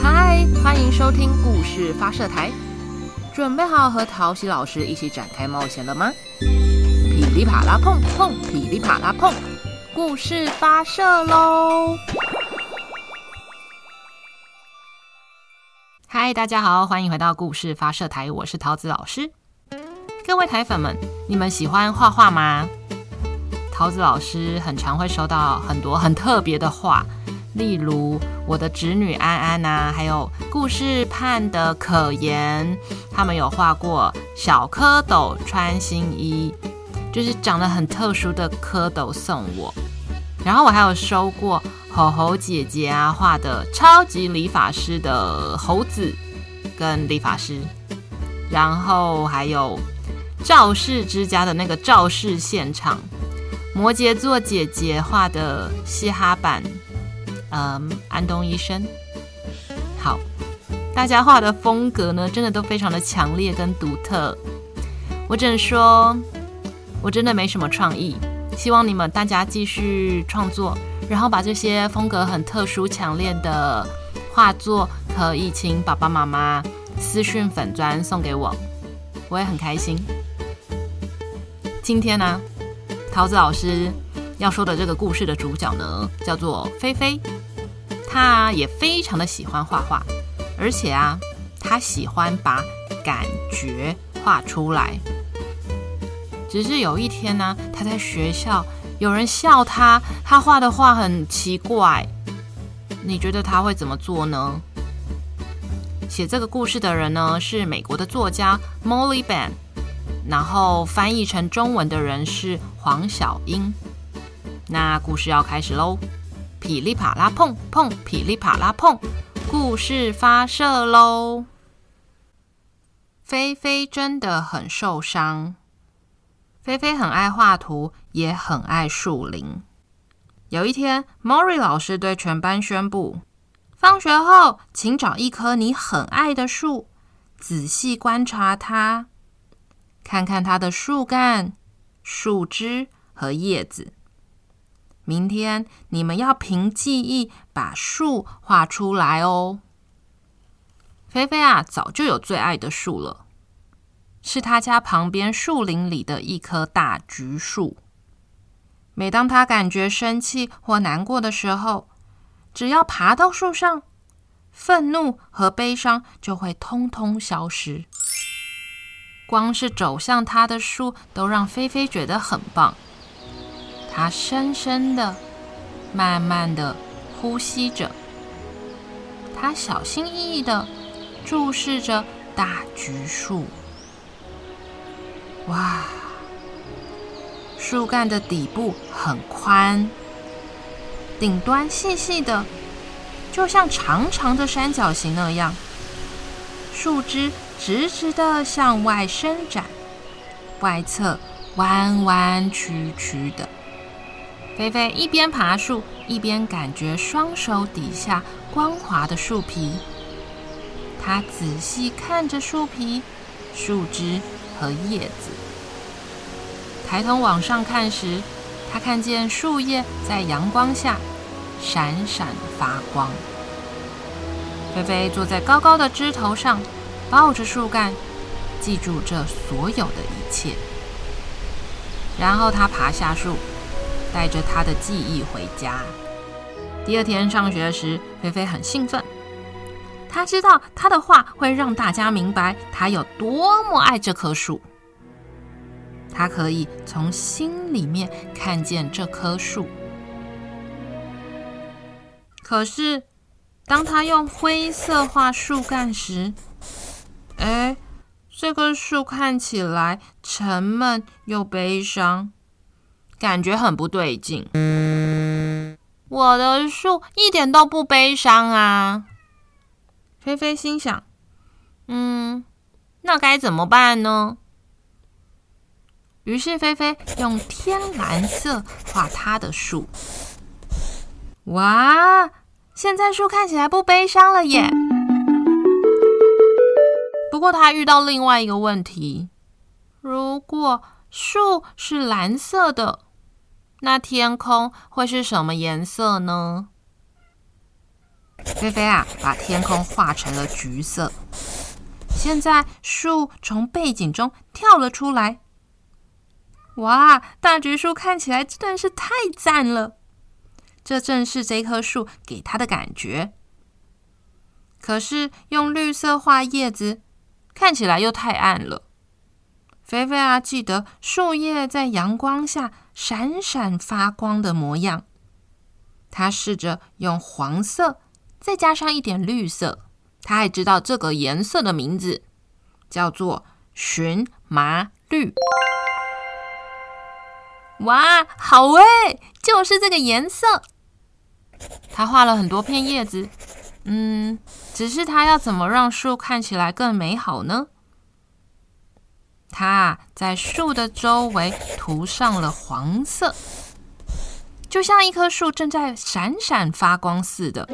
嗨，Hi, 歡迎收聽故事發射台，準備好和陶喜老師一起展開冒險了嗎？噼里啪啦碰碰，噼里啪啦碰，故事發射嘍！嗨，大家好，歡迎回到故事發射台，我是桃子老師。各位台粉們，你們喜歡畫畫嗎？桃子老師很常會收到很多很特別的畫。例如我的侄女安安啊，還有故事盼的可言，他們有畫過小蝌蚪穿新衣，就是長得很特殊的蝌蚪送我。然後我還有收過猴猴姐姐啊畫的超級理髮師的猴子跟理髮師，然後還有肇事之家的那個肇事現場，摩羯座姐姐畫的嘻哈版，嗯，um, 安東醫生，好，大家畫的風格呢，真的都非常的強烈跟獨特。我只能說，我真的沒什麼創意。希望你們大家繼續創作，然後把這些風格很特殊，強烈的畫作可以請爸爸媽媽私訊粉專送給我，我也很開心。今天呢、啊，桃子老師要說的這個故事的主角呢，叫做菲菲。他也非常的喜歡畫畫，而且啊，他喜歡把感覺畫出來。只是有一天呢、啊，他在學校有人笑他，他畫的畫很奇怪。你覺得他會怎麼做呢？寫這個故事的人呢，是美國的作家 Molly Bang，然後翻譯成中文的人是黃筱茵。那故事要開始嘍。噼里啪啦碰碰，噼里啪啦碰，故事發射嘍！菲菲真的很受傷。菲菲很愛畫圖，也很愛樹林。有一天，莫莉老師對全班宣布：放學後，請找一棵你很愛的樹，仔細觀察它，看看它的樹幹、樹枝和葉子。明天你們要憑記憶把樹畫出來哦。菲菲啊，早就有最愛的樹了，是她家旁邊樹林裡的一棵大橘樹。每當她感覺生氣或難過的時候，只要爬到樹上，憤怒和悲傷就會通通消失。光是走向她的樹，都讓菲菲覺得很棒。他深深的、慢慢的呼吸着，他小心翼翼的注視着大橘樹。哇，樹幹的底部很寬，頂端細細的，就像長長的三角形那樣。樹枝直直的向外伸展，外側彎彎曲曲的。菲菲一邊爬樹，一邊感覺雙手底下光滑的樹皮。她仔細看着樹皮、樹枝和葉子。抬頭往上看時，她看見樹葉在陽光下閃閃發光。菲菲坐在高高的枝頭上，抱着樹幹，記住這所有的一切。然後她爬下樹。帶着她的記憶回家。第二天上學時，菲菲很興奮。她知道她的畫會讓大家明白她有多麼愛這棵樹。她可以從心裡面看見這棵樹。可是，當她用灰色畫樹幹時，哎，這棵樹看起來沉悶又悲傷。感覺很不對勁。嗯。我的樹一點都不悲傷啊！菲菲心想：“嗯，那該怎麼辦呢？”於是菲菲用天藍色畫她的樹。哇，現在樹看起來不悲傷了耶！不過她遇到另外一個問題：如果樹是藍色的，那天空會是什麼顏色呢？菲菲啊，把天空畫成了橘色。現在樹從背景中跳了出來，哇！大橘樹看起來真的是太贊了。這正是這棵樹給他的感覺。可是用綠色畫葉子，看起來又太暗了。菲菲啊，記得樹葉在陽光下閃閃發光的模樣。他試着用黃色，再加上一點綠色。他還知道這個顏色的名字，叫做蕁麻綠。哇，好誒，就是這個顏色。他畫了很多片葉子，嗯，只是他要怎麼讓樹看起來更美好呢？他在樹的周圍塗上了黃色，就像一棵樹正在閃閃發光似的。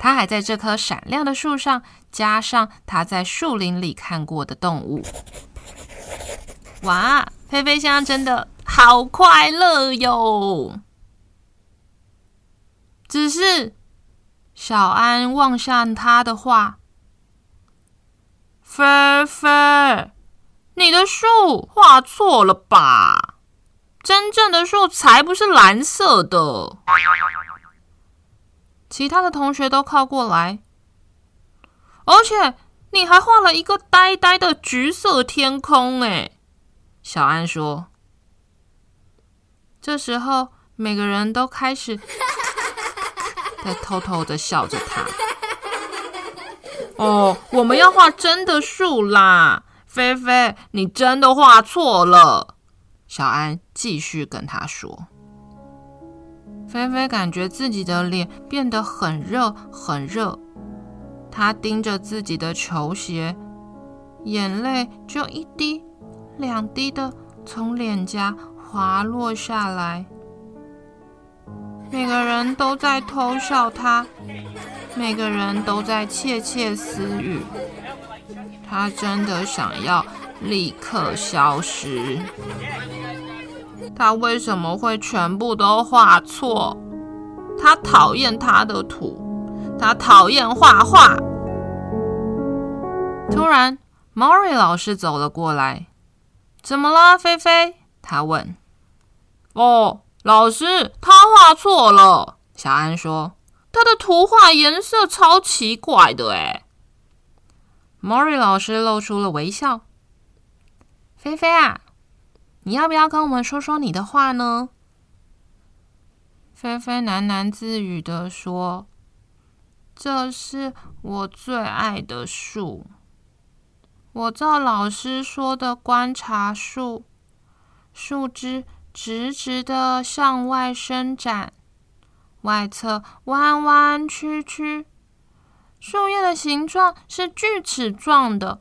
他還在這棵閃亮的樹上加上他在樹林裡看過的動物。哇，菲菲現在真的好快樂喲！只是小安望向他的畫，菲菲你的樹畫錯了吧？真正的樹才不是藍色的。其他的同學都靠過來，而且你還畫了一個呆呆的橘色天空，欸，誒，小安說。這時候，每個人都開始在偷偷的笑着他。哦，我們要畫真的樹啦！菲菲，你真的畫錯了。小安繼續跟他說。菲菲感覺自己的臉變得很熱，很熱。他盯着自己的球鞋，眼淚就一滴、兩滴的從臉頰滑落下來。每個人都在偷笑他，每個人都在竊竊私語。他真的想要立刻消失。他為什麼會全部都畫錯？他討厭他的圖，他討厭畫畫。突然，莫瑞老師走了過來。怎麼了，菲菲？他問。哦，老師，他畫錯了。小安說：“他的圖畫顏色超奇怪的，哎。”莫瑞老師露出了微笑。菲菲啊，你要不要跟我們說說你的話呢？菲菲喃喃自語地說：“這是我最愛的樹，我照老師說的觀察樹，樹枝直直地向外伸展，外側彎彎曲曲。”樹葉的形狀是鋸齒狀的。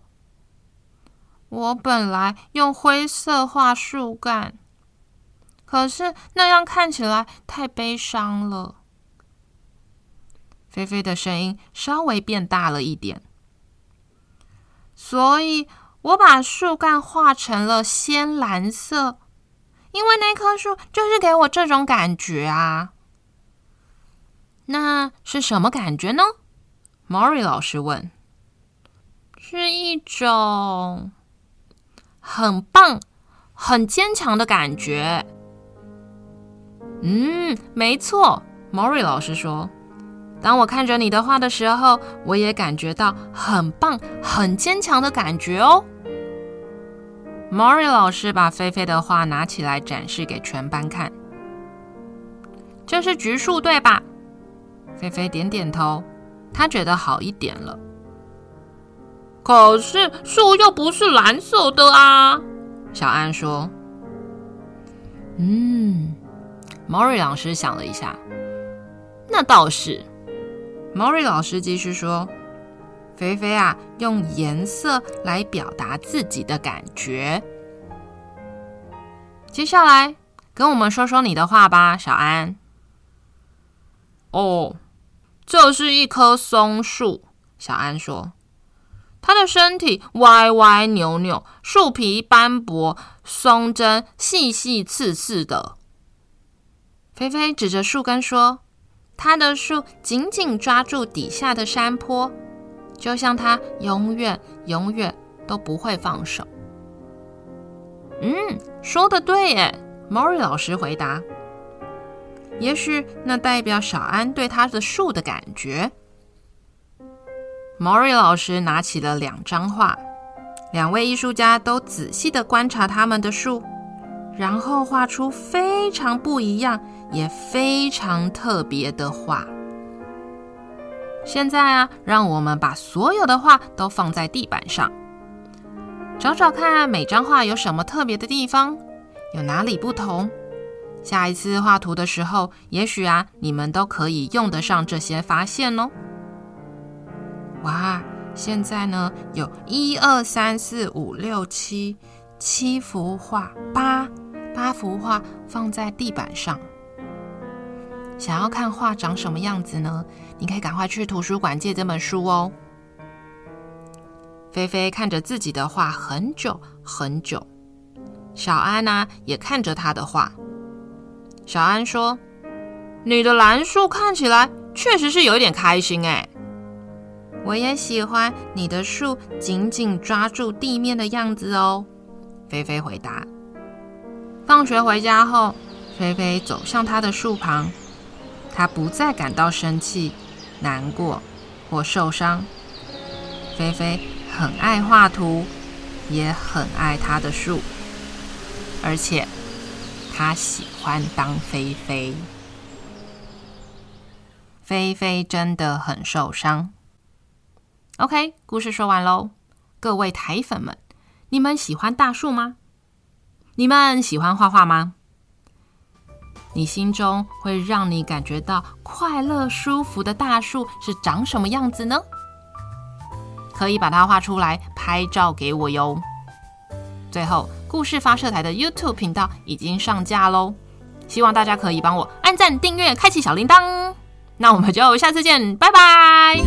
我本來用灰色畫樹幹，可是那樣看起來太悲傷了。菲菲的聲音稍微變大了一點，所以我把樹幹畫成了鮮藍色，因為那棵樹就是給我這種感覺啊。那是什麼感覺呢？Mori 老師問：“是一種很棒、很堅強的感覺。”“嗯，沒錯。”Mori 老師說：“當我看着你的畫的時候，我也感覺到很棒、很堅強的感覺哦。”Mori 老師把菲菲的畫拿起來展示給全班看：“這是橘樹，對吧？”菲菲點點頭。他覺得好一點了。可是樹又不是藍色的啊！小安說：“嗯。”毛瑞老師想了一下，那倒是。毛瑞老師繼續說：“菲菲啊，用顏色來表達自己的感覺。接下來，跟我們說說你的話吧，小安。”哦。這是一棵松樹，小安說：“他的身體歪歪扭扭，樹皮斑駁，松針細細刺刺的。”菲菲指着樹根說：“他的樹緊緊抓住底下的山坡，就像他永遠、永遠都不會放手。”嗯，說的對耶，莫瑞老師回答。也許那代表小安對他的樹的感覺。Mori 老師拿起了兩張畫，兩位藝術家都仔細的觀察他們的樹，然後畫出非常不一樣也非常特別的畫。現在啊，讓我們把所有的畫都放在地板上，找找看、啊、每張畫有什麼特別的地方，有哪裡不同。下一次畫圖的時候，也許啊，你們都可以用得上這些發現哦。哇，現在呢，有一二三四五六七七幅畫，八八幅畫放在地板上。想要看畫長什麼樣子呢？你可以趕快去圖書館借這本書哦。菲菲看着自己的畫很久很久，小安呢、啊、也看着他的畫。小安說：“你的藍樹看起來確實是有一點開心哎，我也喜歡你的樹緊緊抓住地面的樣子哦。”菲菲回答。放學回家後，菲菲走向她的樹旁，她不再感到生氣、難過或受傷。菲菲很愛畫圖，也很愛她的樹，而且。他喜歡當菲菲，菲菲真的很受傷。OK，故事說完嘍，各位台粉們，你們喜歡大樹嗎？你們喜歡畫畫嗎？你心中會讓你感覺到快樂、舒服的大樹是長什麼樣子呢？可以把它畫出來，拍照給我喲。最後。故事發射台的 YouTube 頻道已經上架嘍，希望大家可以幫我按讚、訂閱、開啟小鈴鐺。那我們就下次見，拜拜。